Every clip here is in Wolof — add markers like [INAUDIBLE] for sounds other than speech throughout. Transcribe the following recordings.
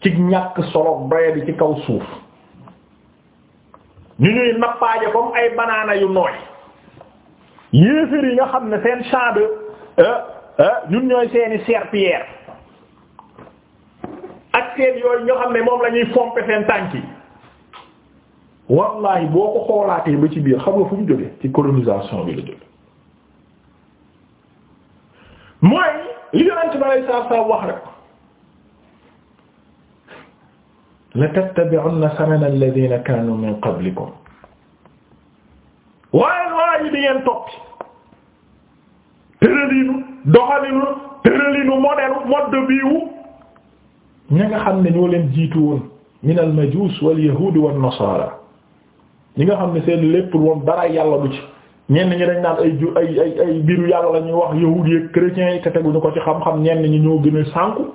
ci ñàkk solo doye bi ci kaw suuf ñu ñuy nappaaje comme ay banaana yu nooy yéefér yi nga xam ne seen champ de euh, euh, ñun ñooy seeni serpillière ak seen yooyu ñoo xam ne moom lañuy ñuy fompe seen tànk yi wallahi boo ko xoolaatee ba ci biir xam nga fu mu jóge ci colonisation bi la jóge mooy li yonent bi sallallahu alayhi wax rek la tattabi'unna sanana alladhina kaanu min qablikum waaye waa yi di ngeen toppi tërëlinu doxalinu tërëlinu modelu mode biiwu ña nga xam ne ñoo leen jiitu woon min al majuus wal yahuud wan nasaara ñi nga xam ne seen lépp woon dara yàlla du ci ñenn ñi dañ naan ay ju ay ay ay biiru yàlla la ñuy wax yahuud yi yi te teguñu ko ci xam-xam ñenn ñi ñoo gën a sànku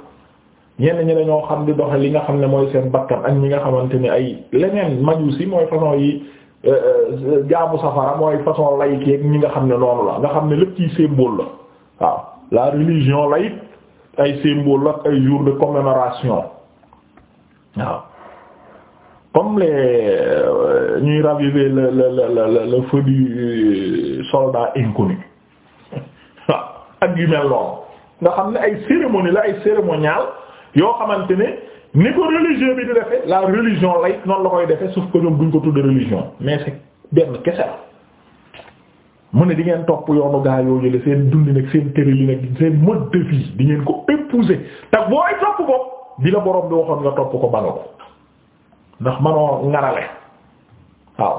ñenn ñi dañoo xam di doxe li nga xam ne mooy seen bakkan ak ñi nga xamante ni ay leneen majusi mooy façon yi euh, euh, jaamu safara mooy façon laïque yeeg ñi nga xam ne noonu la nga xam ne lépp ciy symbole la waaw la religion laïque ay symbole la ay jour de commémoration waaw comme les euh, ñuy raviver le le le le feu du soldat [LAUGHS] ak yu mel noonu nga xam ne ay cérémonie la ay cérémonial yoo xamante ne ni ko religieux bi di defee la religion laïque noonu la koy defee sauf que ñoom duñ ko tudd religion mais c'est benn kese la mu ne di ngeen topp yoonu gaa yoo jële seen dundi nag seen tërëli nag seen mode de vie ngeen ko épouser te booy topp ko di la borom bi waxoon nga topp ko ba nga ko ndax manoo ngarale waaw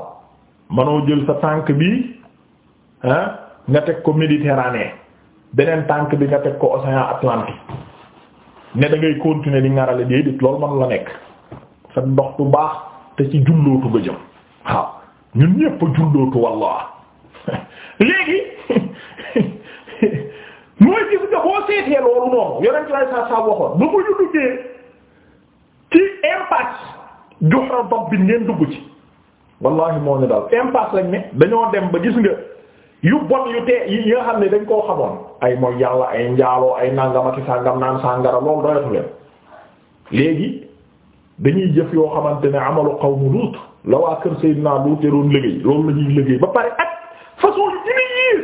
manoo jël sa tànk bi ah nga teg ko Méditerranée beneen tànk bi nga teg ko Océan Atlantique ne da ngay continuer di ngarale déedéet loolu man la nekk sa ndox du baax te ci jullootu ba jëm waaw ñun ñépp a jullootu wallah [LAUGHS] léegi [LAUGHS] mooy gis nga boo seetee loolu noonu yonent lay saa saa waxoon ba mu ñu duggee ci impasse juhra dabbin ngeen dugg ci wallahi moo ne daal impasse lañ ne dañoo dem ba gis nga yu bon yu tee yi nga xam ne dañ koo xamoon ay mooy yàlla ay njaaloo ay nangamati sàngam naan sàngara loolu doyatu léegi dañuy jëf yoo xamante ne amalu qawmu Luut la waa kër Seydina Luut te loolu la ñuy ba pare ak façon yi ni yiis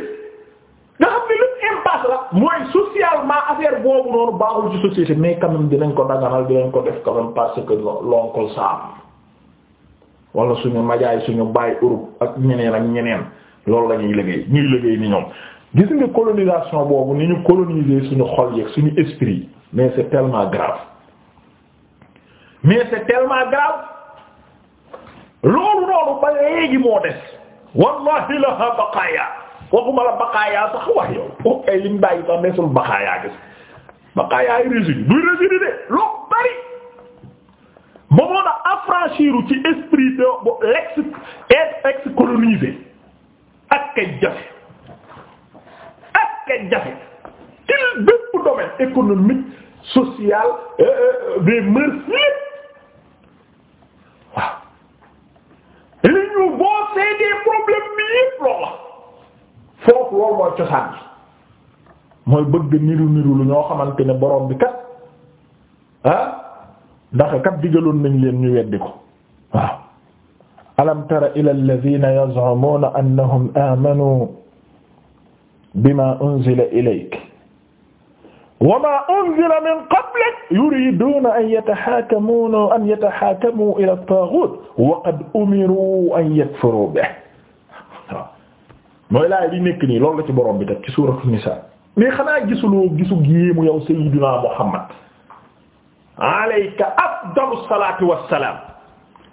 nga xam ne lépp impasse la mooy socialement affaire boobu noonu baaxul ci société mais quand dinañ ko daganal dinañ ko def quand même parce que l'oncle Sam wala suñu majaay suñu baay Europe ak ñeneen ak ñeneen loolu la ñuy liggéey ñuy liggéey ni ñoom gis nga colonisation boobu ni ñu coloniser suñu xol yeeg suñu esprit mais c'est tellement grave mais c'est tellement grave loolu loolu ba léegi moo des wallahi la ha waxuma la baqaaya sax wax yow foofu ay lim bàyyi sax nesul baqaaya gis baqaaya ay résidu duy résidu de bari ba moo ci esprit de l'ex être ex colonisé ak kay jafe ak kay jafe til bépp domaine économique social euh, euh, des mœurs waaw li ñu boosé des problèmes bi yépp loolu la foofu loolu mooy cosaan bi mooy bëgg niru niru lu ñoo xamante ne boroom bi kat ah ndax kat digaloon nañ leen ñu weddi ko waaw alam tara ila alladhina yaz'umuna annahum amanu bima unzila ilayk wa ma unzila min qablik yuriduna an yatahakamuna an yatahakamu ila at-taghut wa qad umiru an yakfuru bihi mooy laay li nekk nii loolu la ci borom bi teg ci suuratu nisaa mais xanaa gisuloo gisu yéemu yow sayyidina Muhammad alayka afdalu salaatu wassalaam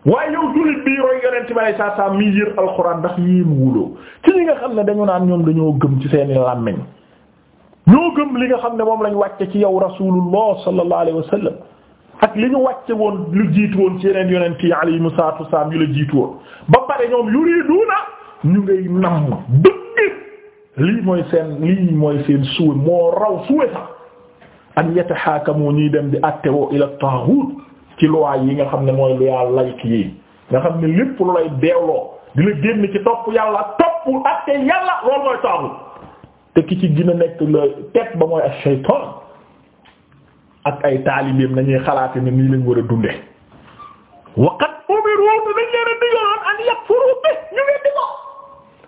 waaye yow jullit bii roy yonent bi saa saa mi yër alxuraan ndax yéemu wuloo ci ñi nga xam ne dañu naan ñoom dañoo gëm ci seeni làmmiñ ñoo gëm li nga xam ne moom lañ wàcce ci yow rasulullah sallallahu alayhi wa sallam ak li ñu wàcce woon lu jiitu woon ci yeneen yonent yi alayhimu salaatu wasalaam yu la jiitu woon ba pare ñoom yuriduuna ñu ngay nam dëgg lii mooy seen lii mooy seen suwe moo raw suwe sax an yatahaakamu ñuy dem di àtte woo ila taaxuut ci loi yi nga xam ne mooy loi laïque yi nga xam ne lépp lu lay deewloo di la génn ci topp yàlla topp ak yàlla loolu mooy taaxut te ki ci gën nekk la tête ba mooy ak shaytan ak ay taalibeem nañuy xalaate ne nii lañ war a dunde waqat umiru woon dañ leen a digaloon an yakfuru bi ñu weddi ko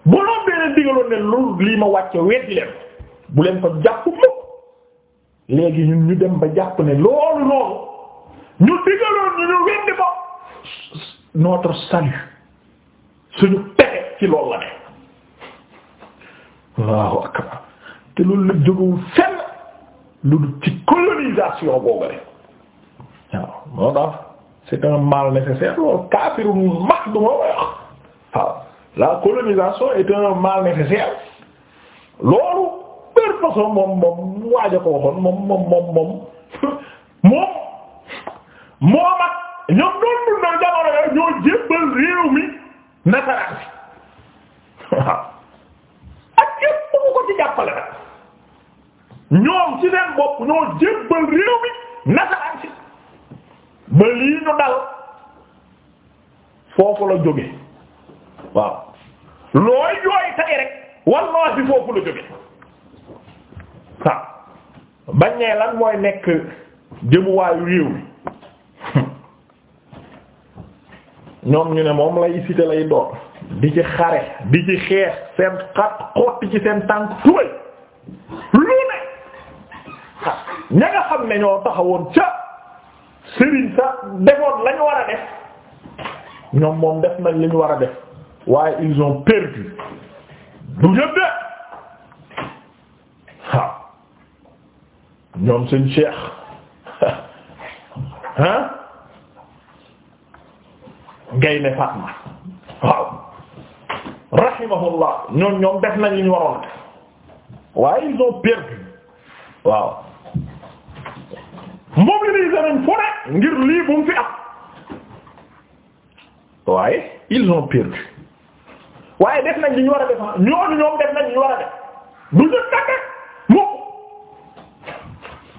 boroom bee leen digaloon ne loolu lii ma wàcce weddi leen bu leen ko jàpp mukk léegi ñu dem ba jàpp ne loolu loolu ñu digaloon ñu ñu weddi ko notre salut suñu pexe ci loolu la ne Allahu akbar te loolu la jógewul fenn lu dul ci colonisation boobu rek waaw moo tax c'est un mal nécessaire loolu kaafirun mahd duma wax waaw la colonisation est un mal nécessaire loolu per façon moom moom waaj a ko waxoon moom moom moom moom moom moom ak ñoom doon dundal jamono yooyu ñoo jébbal réew mi nasaraan waaw ak képp ku ko ci jàppale nag ñoom ci seen bopp ñoo jébbal réew mi nasaraan si ñu dal foofu la jóge waaw looy jooy tay rek wallahi foofu la jóge waaw bañ ne lan mooy nekk jëmuwaayu réew mi ñoom ñu ne moom lay cité lay doon di ci xare di ci xeex seen xat xotti ci seen tànk tubay lu ne ña nga xam ne ñoo taxawoon ca sëriñ sa defoon la war a def ñoom moom def nañ li war a def waaye ils ont perdu du ñëpp de waaw ñoom seen cheikh hein gaynde Fatma waaw rahimahullah ñoom ñoom def nañu ñu waroon ils ont perdu waaw mobiliser nañ fu ne ngir lii fi am waaye ils ont perdu waaye def nañ ñu war a def ñooñu ñoom def nañ li ñu war a def du ñu tàgge mu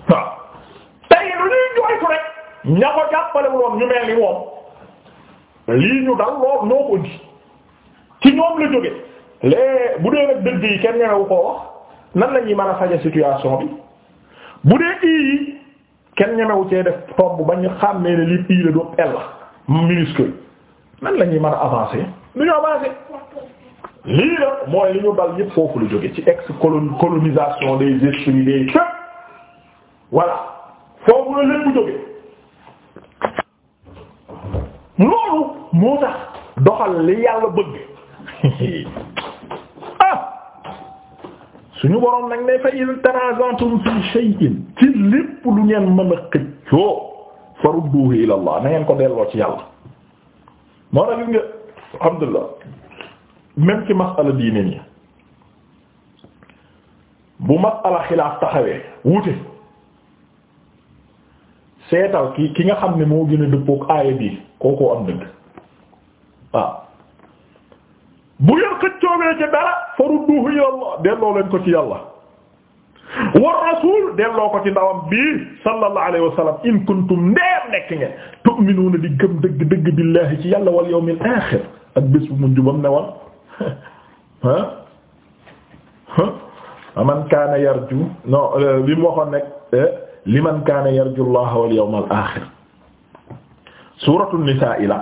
waaw tey lu ñuy jooytu rek ña ko jàppalewuloon ñu mel ni moom. lii ñu dal loo noo ko ci ñoom la jóge lee bu dee nag dëgg yi kenn ñemewu koo nan la ñuy mën a faje situation bi bu dee ii yi kenn ñemewu cee def tomb ba ñu xàmmee ne li ii la doo pell minuscule nan la ñuy mën a avancer lu ñu avancer lii la mooy li ñu dal yépp foofu la jóge ci ex colonisation des esprits des voilà foofu la lépp jóge loolu moo tax doxal li yàlla bëgg [LAUGHS] ah suñu boroom nag ne fa in tanaza'tum fi shay'in ci lépp lu ngeen mën a xëccoo farudduhu ila Allah na ngeen ko delloo ci yàlla moo tax gis nga alhamdulillah même ci masala diine ñi bu masala xilaaf taxawee wuute seetal ki ki nga xam ne moo gën a dëppook aaya bi kookoo am dëgg waaw bu ngeen xëccoobee ci dara farudduhu ilallah delloo leen ko ci yàlla war rasul delloo ko ci ndawam bii sallallahu alayhi wa sallam in kuntum ndeem nekk ngeen tu'minuuna di gëm dëgg dëgg billahi ci yàlla wal yawmil aaxir ak bés bu mujj bam ne woon ah ah man kaana yarju non li mu waxoon nag eh, liman kaana yarju allaha wal yawmal aaxir suuratu nisaa ila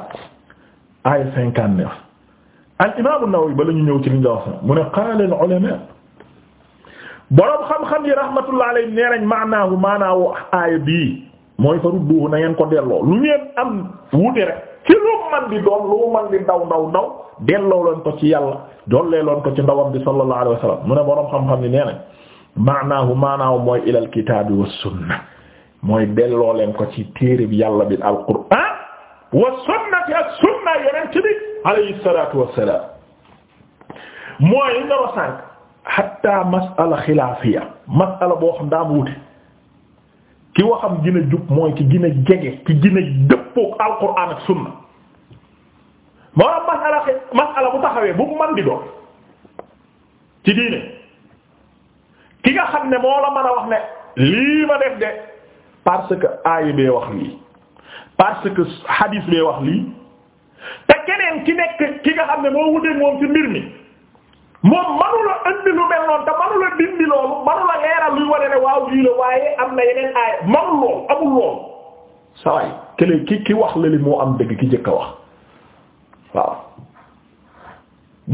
ay cinquante neuf al imaamu Nawawi ba la ñu ñëw ci li nga wax mu ne qaala al ulamaa boroom xam-xam yi rahmatullahi alayhi nee nañ maanaahu maanaahu aaya bii mooy farudduhu na ngeen ko delloo lu ngeen am wuute rek ci lu man di doon lu man di ndaw ndaw ndaw delloo loon ko ci yàlla dollee loon ko ci ndawam bi sallallahu alayhi wa sallam mu ne boroom xam-xam yi nee nañ maanaahu maanaahu mooy ilal kitaabi wa sunna mooy delloo leen ko ci téere bi yàlla bi al qur'aan wa sunnati ak sunna yonent bi alayhi salaatu wassalaam mooy li nga wax sànq hatta mas'ala xilaafiya mas'ala boo xam daa wuute ki waxam gën a jub mooy ki gën a jege ki gën a dëppoo ak alquran ak sunna moo tax mas'ala mas'ala bu taxawee bu man di doon ci diine ki nga xam ne moo la mën a wax ne lii ma def de parce que aaya bee wax lii. parce que hadis bee wax lii te keneen ki nekk ki nga xam ne moo wuteeg moom ci mbir mi moom manula indi lu mel noonu te manula dindi loolu manula leeral luy wane ne waaw lii la waaye am na yeneen aaya manul lool amul lool saway kële ki ki wax la li moo am dëgg ki njëkk a wax waaw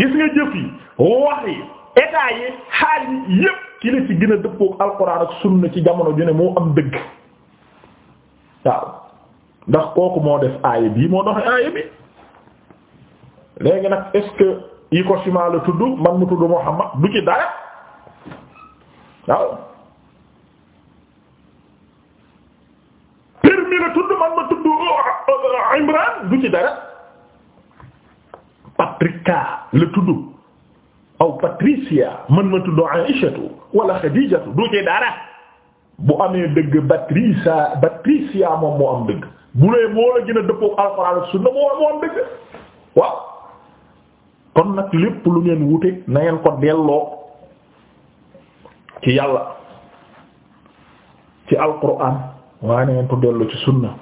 gis nga jëf yi wax yi état yi xaal yi yépp ki la ci gën a dëppook alxuraan ak sunna ci jamono ju ne moo am dëgg waaw ndax kooku moo def aaya bii moo doxe aaya bi léegi nag est-ce que yi ko sima la tudd man mu tudd Muhammad du ci dara tudd man ma tudd euh, Patrika la tudd aw Patricia man ma tudd Aïshatu wala Xadijatu du ci dara bu amee dëgg Patricia Patricia moom moo am dëgg bu lee moo la gën a dëppoo alxuraan ak sunna moo moo am dëgg waaw kon nag lépp lu ngeen wute na ngeen ko delloo ci yàlla ci alxuraan waaye na ngeen ko delloo ci sunna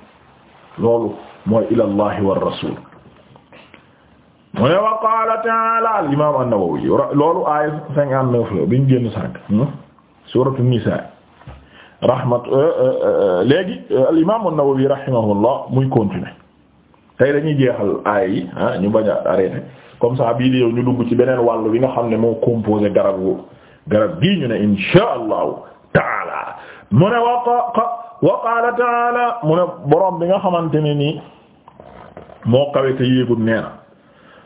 loolu mooy ilallahi war rasul mu ne wa qaala ta'ala al imam an-Nawawi loolu aaya cinquante-neuf la bi ñu génn sànk hmm? suuratu nisaa rahmat euh, euh, euh, léegi al imaam an-Nawawi rahimahullah muy continuer tey dañuy jeexal aaya yi ah ñu bañ a arrêté comme ça bii di yow ñu dugg ci beneen wàll bi nga xam ne moo composé garab wu garab gii ñu ne insha allahu taala mu ne wa qaala taala mu ne borom bi nga xamante ne nii moo kawe te yéegul nee na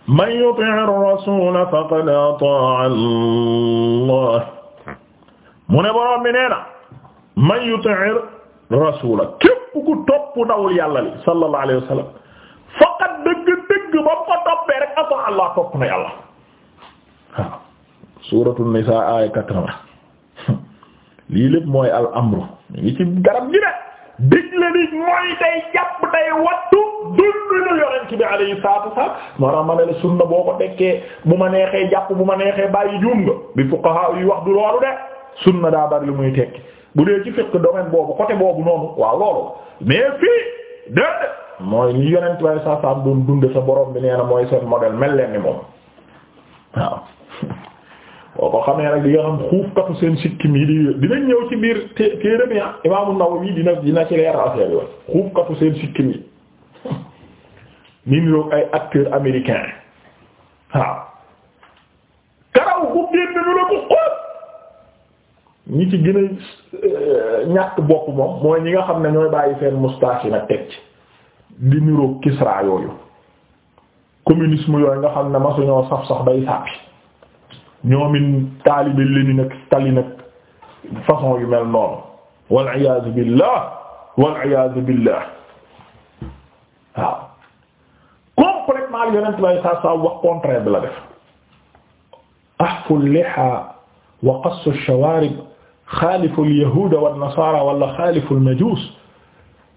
man yuti ar-rasula faqad ataa Allah mu ne borom bi nee na man yuti'ir rasula képp ku topp ndawul yàlla li sallallahu alayhi wa sallam faqat dëgg-dëgg ba mu ko toppee rek ato allah topp na yàlla waaw suuratu nisaa aaya quatre-vingts [LAUGHS] lii lépp mooy al amru ñu ngi ci garab gi ne digle ni mooy day jàpp day wattu dunduñu yonent bi alayhi salaatu wasalaam maanaam ma ne la sunna boo ko dekkee bu ma neexee jàpp bu ma neexee bàyyi juum nga bi fuqaha yi wax du loolu de sunna daa bari lu muy tekki bu dee ci fiqh domaine boobu côté boobu noonu waaw loolu mais fii déedéet mooy li yonent way sa sam doon dunde sa borom bi nee mooy seen modèle mel leen ni moom waaw boo ko xamee nag di nga xam xuufkatu seen sikkim yi di dinañ ñëw ci biir téere bi ah, Imaamu Nawawi dina dina ci leer affaire yooyu xuufkatu seen sikkim yi [LAUGHS] ni niroog ay acteurs américains waaw karaw bu génn ñu la ko ñi ci gën a euh, ñàkk bopp moom mooy ñi nga xam ne ñooy bàyyi seen moustache yi nag teg ci di niroo Kisra yooyu communisme yooyu nga xam ne ma suñoo saf sax day sàppi ñoomin taalibe Lénine ak façon yu mel noonu wal iyaazu billah wal iyaazu billah waaw complètement l yonent bay sa sa wax contraire bi la ahfu liha wa qassu shawarib xaaliful yahuuda wan nasaara wala xaaliful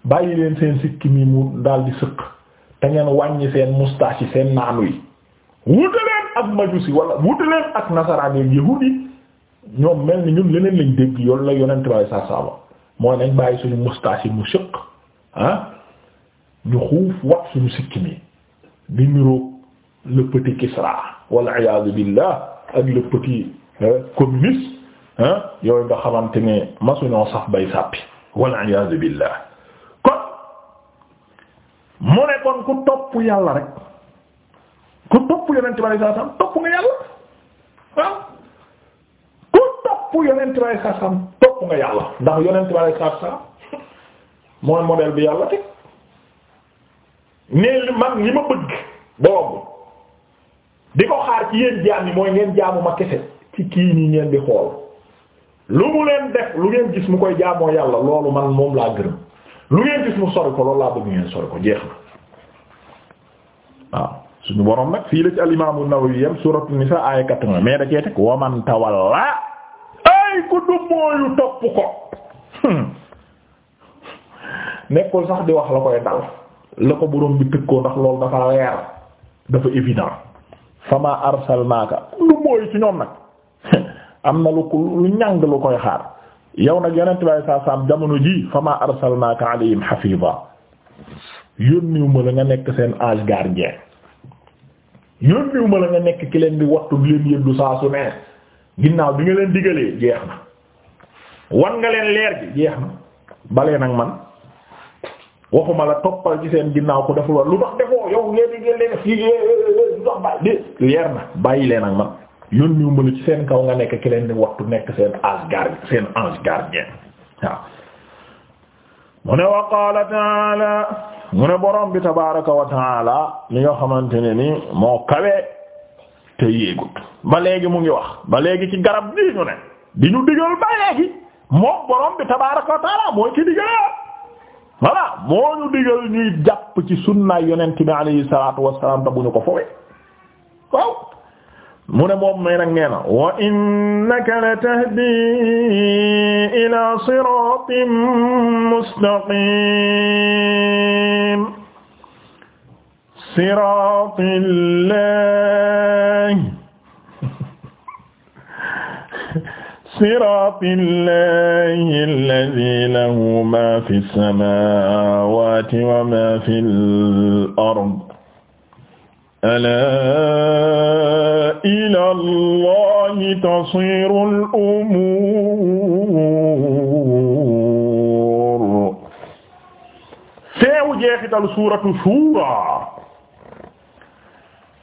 bàyyi leen seen sikki mi mu daal di sëq te ngeen wàññi seen moustache yi seen naanu yi wute leen ak majuus yi wala ak nasaraan yi yahuud yi ñoom mel ni ñun leneen lañ dégg yoon la yonent baay saa moo mooy nañ bàyyi suñu moustache yi mu sëq ah ñu xuuf wat suñu sikki mi di niroo le petit Kisra wal iyaadu billah ak le petit euh, yooyu nga xamante ne masuñoo sax bay sàppi wal iyaazu billah kon mu ne kon ku topp yàlla rek ku topp yonent bi sallallahu topp nga yàlla ndax yonent bi sallallahu alayhi wasallam mooy modèle bi yàlla teg ne man li ma bëgg boobu di ko xaar ci yéen jaam mooy ngeen jaamu ma kese ci kii nii ngeen di xool lu mu leen def lu ngeen gis mu koy jaamoo yàlla loolu man moom laa gërëm lu ngeen gis mu sori ko loolu laa bëgg ngeen sori ko jeex na waaw suñu borom nag fii la ci al-Imam An-Nawawi yam suratu Nisa aaya 80 mais da cee teg wa ko hmm. nekkul sax di wax la koy dal la ko borom bi tëkkoo ndax loolu dafa leer dafa évident fama arsalnaaka du mooyu ci ñoom nag am na lu ko lu ñàng lu koy xaar yow nag yonent bi saa saam jamono ji fama arsalnaaka alayhim hafiza yónniwuma la nga nekk seen ange gardien yónniwuma la nga nekk ki leen di wattu di leen yëddu saa su ne ginnaaw bi nga leen digalee jeex na wan nga leen leer gi jeex na balee nag man waxuma la toppal ci seen ginnaaw ko deful lu tax defoo yow léegi ngeen leen fi lu leer na bàyyi leen ak man yónniwu ma la ci seen kaw nga nekk ki leen di waxtu nekk seen asgard seen ange gardien waaw mu ne wa qaala taala mu ne borom bi tabaraka wa taala li nga xamante ne ni moo kawee te yéegut ba léegi mu ngi wax ba léegi ci garab bi ñu ne di ñu digal ba léegi moom borom bi tabaraka wa mooy ci digal voilà moo ñu digal ñuy jàpp ci sunnaay yonent bi alayhi salaatu wassalaam bu ñu ko fowee mu ne moom may nag nee na wa innaka la tahdi ila siratin mustaqim siratil lahi [LAUGHS] siratil lahi alladhi lahu ma fi samawati wa ma fil ard ala ila Allahi tasirul umuur feewu jeexital suuratu Shuura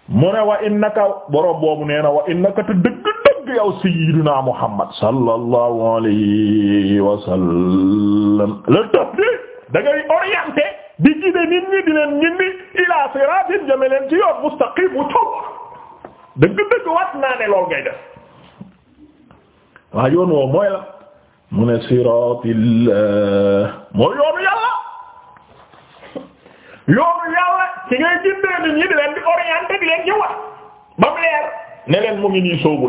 mu ne wa innaka borom boobu nee na wa innaka te dëgg-dëgg yow sayyidina Muhammad sallallahu alayhi wa sallam la tahdi da ngay orienté di gide nit ñi di leen ñindi ila siraatin jëme leen ci yoon mustaqim wu cog dëgg-dëgg wat naa ne lool ngay def waa yoon woowu mooy la mu ne siratillah mooy yoonu yàlla yoonu yàlla ci ngay jëndee nit ñi di leen di orienté di leen ci wax ba leer ne mu ngi nii sóobu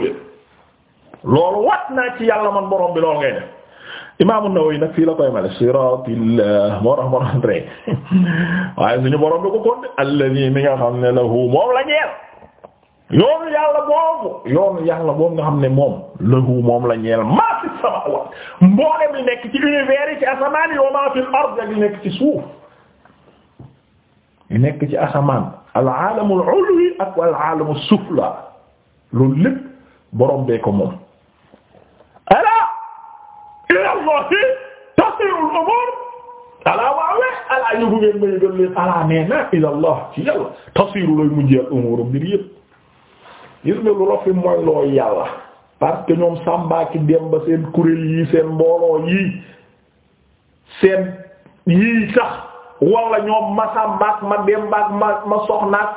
wat naa ci yàlla man borom lool ngay def Imam nag fii la koy mel siratillah moo tax moo tax [LAUGHS] waaye suñu borom bi ko kon alladhi mi nga ne lahu moom la yoonu yàlla boobu yoonu yàlla boobu nga xam ne moom lahu moom la ñeel maa fi samaawaat mboolem li nekk ci univers yi ci asamaan yi wa maa fil ard ak li nekk ci suuf li nekk ci asamaan al aalamul ulwi ak al aalamul sufla loolu lépp borom bee ko moom alaa ila allahi tasirul umur alaa waawee alaa yëgu ci al umur mbir yépp gis nga lu rafet mooy loo yàlla parce que ñoom Samba ki dem ba seen kuréel yi seen mbooloo yi seen yii sax wala ñoom ma Samba ma Demba ak ma ma Soxna ak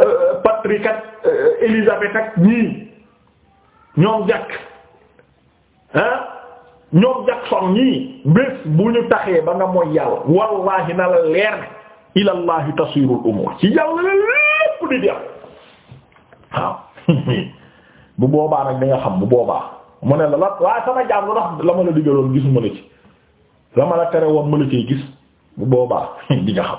euh, Patrick ak euh, Elisabeth ak ñii ñoom Jack ah ñoom Jackson ñii bés bu ñu taxee ba nga mooy yàlla wallaahi na la leer ne tasirul umur ci yàlla la lépp di dem. waaw [LAUGHS] bu boobaa nag di nga xam bu boobaa mu ne la la waaye sama jaam lu tax la ma la digaloon gisuma la ci la ma la tere woon ma la gis bu boobaa [LAUGHS] di nga xam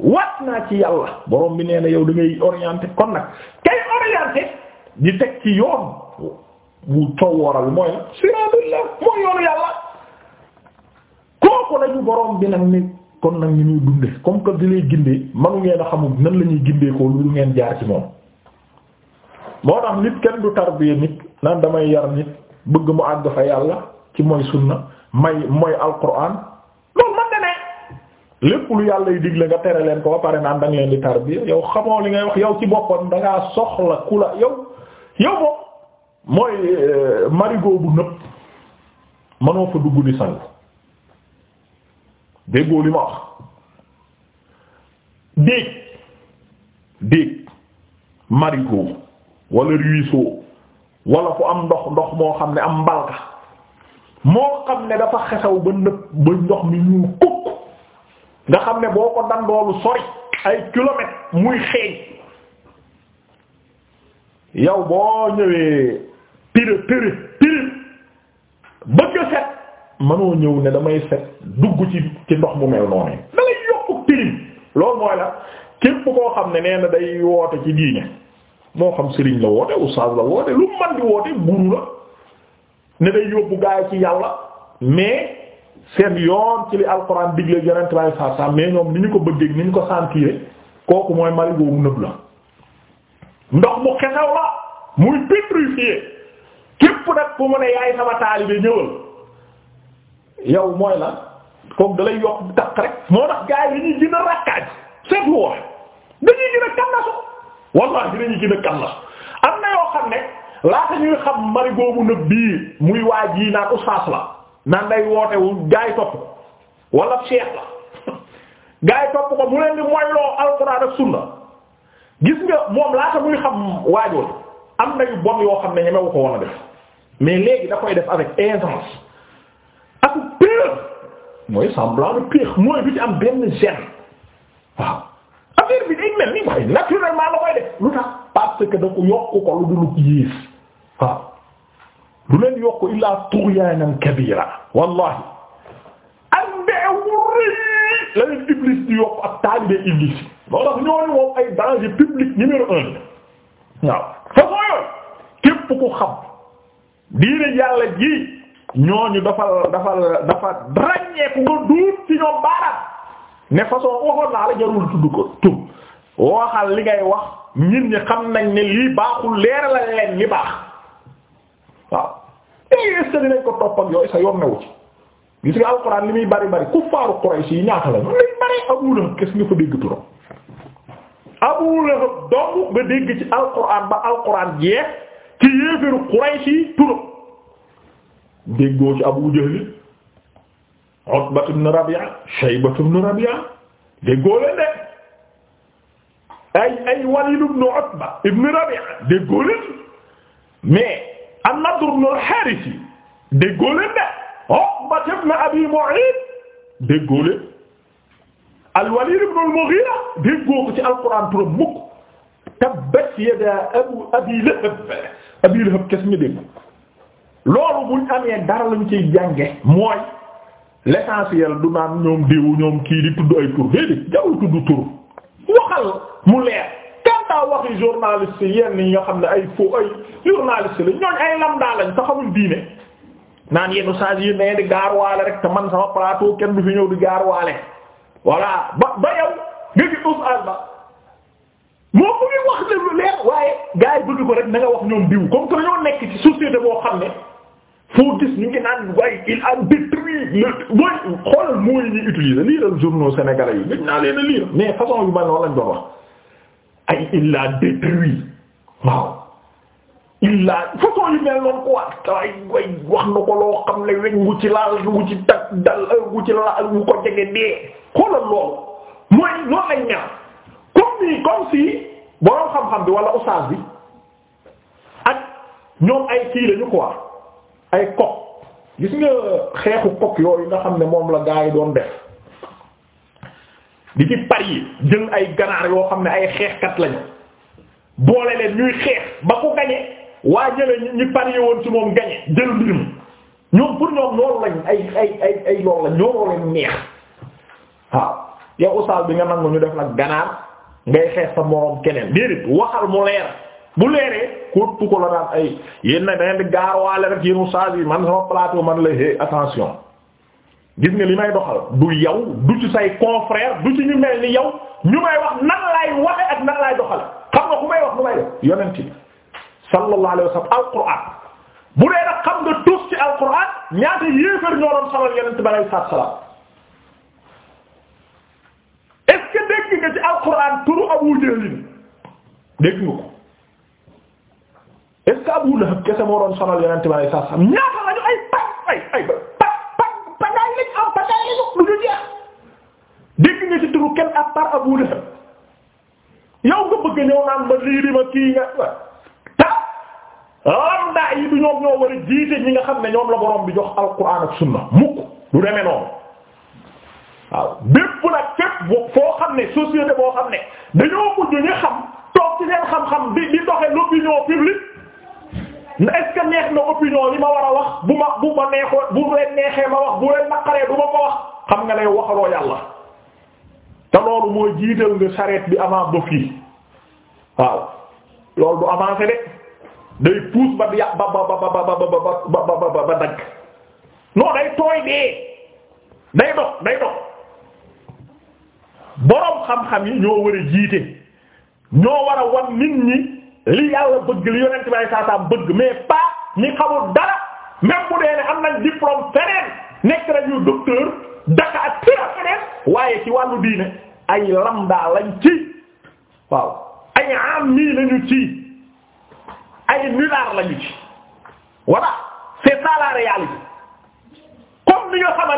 waaw ci yàlla borom bi nee na yow da ngay orienté kon nag kay orienté di teg ci yoon bu coow waral mooy siratullah mooy yàlla kooku lañu borom bi nag ni kon nag ñu ñuy dunde comme que di lay gindee manu ngeen a xamul nan la ñuy gindee ko lu ngeen jaar ci moom moo tax nit kenn du tarbiya nit nan damay yar nit bëgg mu àgg fa yàlla ci mooy sunna may mooy alquran loolu man na ne lépp lu yàlla yi digle nga tere leen ko ba pare naan da nga leen di tarbiya yow xamoo li ngay wax yow ci boppam da ngaa soxla ku la yow yow moom mooy euh, marigot bu nëb mënoo fa dugg di sangu déggoo li ma wax déeg déeg marigot wala ruisseau walla fu am ndox ndox moo xam ne am mbalka moo xam ne dafa xesaw ba nëb ba ndox mi ñu kukk nga xam ne boo ko dandoolu sori ay kilomètres muy xeeñ yow boo ñëwee pire pire pire bëgg set mënoo ñëw ne damay set dugg ci ndox mu mel noonu da lay tilim loolu mooy la képp koo xam ne nee day woote ci diine moo xam sëriñ la woote oustaz la woote lu man di woote guru la ne day yóbbu gaay ci yàlla mais seen yoon ci li alxuraan digle yonent baay saa saa mais ñoom ni ñu ko bëggee ni ñu ko sentir kooku mooy marigot mu nëb la ndox mu xesaw la muy pétrifié képp nag bu mu ne yaay sama taalibe ñëwal yow mooy la kooku da lay yokk tax rek moo tax gars yi dañuy gën a rakkaaj seetlu wax dañuy gën a kannasu wallahi dañuy gën a kannasu am na yoo xam ne laata ñuy xam mari boobu nëb bii muy waaj yi naan ustaas la naan day woote wu topp ko wala la [LAUGHS] gars topp ko mu leen di moyloo alxuraan ak sunna gis nga moom laata muy xam waajoon am na yu bon yoo xam ne ñemewu ko woon a def mais léegi da koy def avec aisance. ak péex mooy semblant de mooy du am benn gêne waaw affaire bi day mel ni waaye naturellement la koy lu tax parce que yokku ko lu dul yées waaw du leen yokku illaa tughyanan kabira wallahi ak ndeew rëy la leen iblis di yokku ak taalibe iblis loolu tax ñooñu moom ay danger public numéro un waaw façon yooyu képp ku xam diine yàlla ji ñooñu dafa dafa dafa ràññeeku nga duut ci ñoom baaraam ne façon waxoon naa la jarul tudd ko tur waxal li ngay wax ñin ñi xam nañ ne lii baaxul leeral la leen li baax waaw est-ce que dinañ ko topp ak yooyu sa yoon newu ci gis nga alxuraan li muy bari bari kuffaaru Quraysh yi ñaata la ñu liñ bari Abu Lahab kes nga fa dégg turam Abu Lahab dong nga dégg ci alxuraan ba alxuraan jeex ci yéeféru Quraysh yi turam déggoo ci Abu Jahl Utba ibn Rabi'a Shayba ibn Rabi'a déggoo leen de ay ay Walid ibn Utba ibn Rabi'a déggoo leen mais an-Nadr ibn al-Harith déggoo leen de Utba ibn Abi Mu'ayt déggoo leen al-Walid ibn al-Mughira déggoo ko ci al-Qur'an trop mukk tabbat yadaa Abu Abi Lahab Abi Lahab kes mi dégg loolu buñ amee dara lañ ciy jànge mooy l'essentiel du naan ñoom diwu ñoom kii di tudd ay tur déedéet jaww tudd tur waxal mu leer kantaa waxi journaliste yenn yi xam ne ay faux ay journaliste la ñooñ ay lambda lañ sa xamul diine naan yenn saa yi ne di gaarwaale rek te man sama plateau kenn du fi ñëw di gaarwaale voilà ba ba yow nga gi us ba moom mu ngi wax ne lu leer waaye gars yi bëgg ko rek na wax ñoom diw comme que ñoo foo gis ñu ngi naan waaye il a détruit le mooy mooy ñu utiliser liiral journaux sénégalais yi gëj naa leen a lire mais façon yu noonu lañ doon wax ay il a détruit waaw il a façon yu mel noonu quoi ay way wax na ko loo xam ne weñ wu ci laal wu ci tak dal wu ci laal wu ko jege dee xoolal loolu mooy loolu lañ ñaan comme ni comme si borom xam-xam bi wala oustaz bi ak ñoom ay kii lañu quoi ay kok gis nga xeexu kok yooyu nga xam ne moom la gaa yi doon def di ci pari jël ay ganaar yoo xam ne ay xeexkat lañu boole leen ñuy xeex ba ku gañe waa jële ñi pari woon ci moom gañe jël mbir mi ñoom pour ñoom loolu lañ ay ay ay ay lañ ñoo leen neex waaw yow usaal bi nga nangu ñu def nag ganaar ngay xeex sa moroom keneen déedéet waxal mu leer bu leeree kóob ko la daan ay yéen nag da di gaawaale rek yéenu saa yi man sama plateau man la hé attention gis nga li may doxal du yaw du ci say confrère du ci ñu mel ni yow ñu may wax nan laay waxe ak nan laay doxal xam nga ku may wax lu may def yonent bi sallallahu alayhi wa sallam bu dee nag xam nga tus ci alquran ñaata yéefar ñoo doon salal yonent bi salaam est dégg nga ci alquran turu Abu Jahl dégg nga ko. est-ce que Abu Lahab kese moo doon sonal yonent bi ay saa saa ñaata la ñu ay paj ay ay paj am pagaay lañu lu du ñoom ñoo war a jiite ñi nga xam ne ñoom la borom bi jox alquran ak sunna mukk du demee noonu waaw bépp nag fépp foo xam ne société boo xam ne dañoo mujj ñu xam toog ci seen xam-xam di di doxe l'opinion publique est-ce neex na opinion li ma war a wax bu ma bu ma neexoo bu leen neexee ma wax bu leen naqaree du ko wax xam nga lay waxaloo yàlla te loolu mooy jiital nga charrette bi avant bëf yi waaw loolu du avancé de day pousse ba dagg non day tooy dee day dox day dox boroom xam-xam yi ñoo war a jiite ñoo war a wan nit ñi. li yàlla bëgg li yonent bi ay bëgg mais pas ñi xamul dara même bu dee ne am nañ diplôme feneen nekk nañu docteur daka ak tira feneen waaye ci wàllu diine ay lambda lañ ci waaw ay am mii lañu ci ay nulaar lañu ci voilà c'est ça la réalité comme ni nga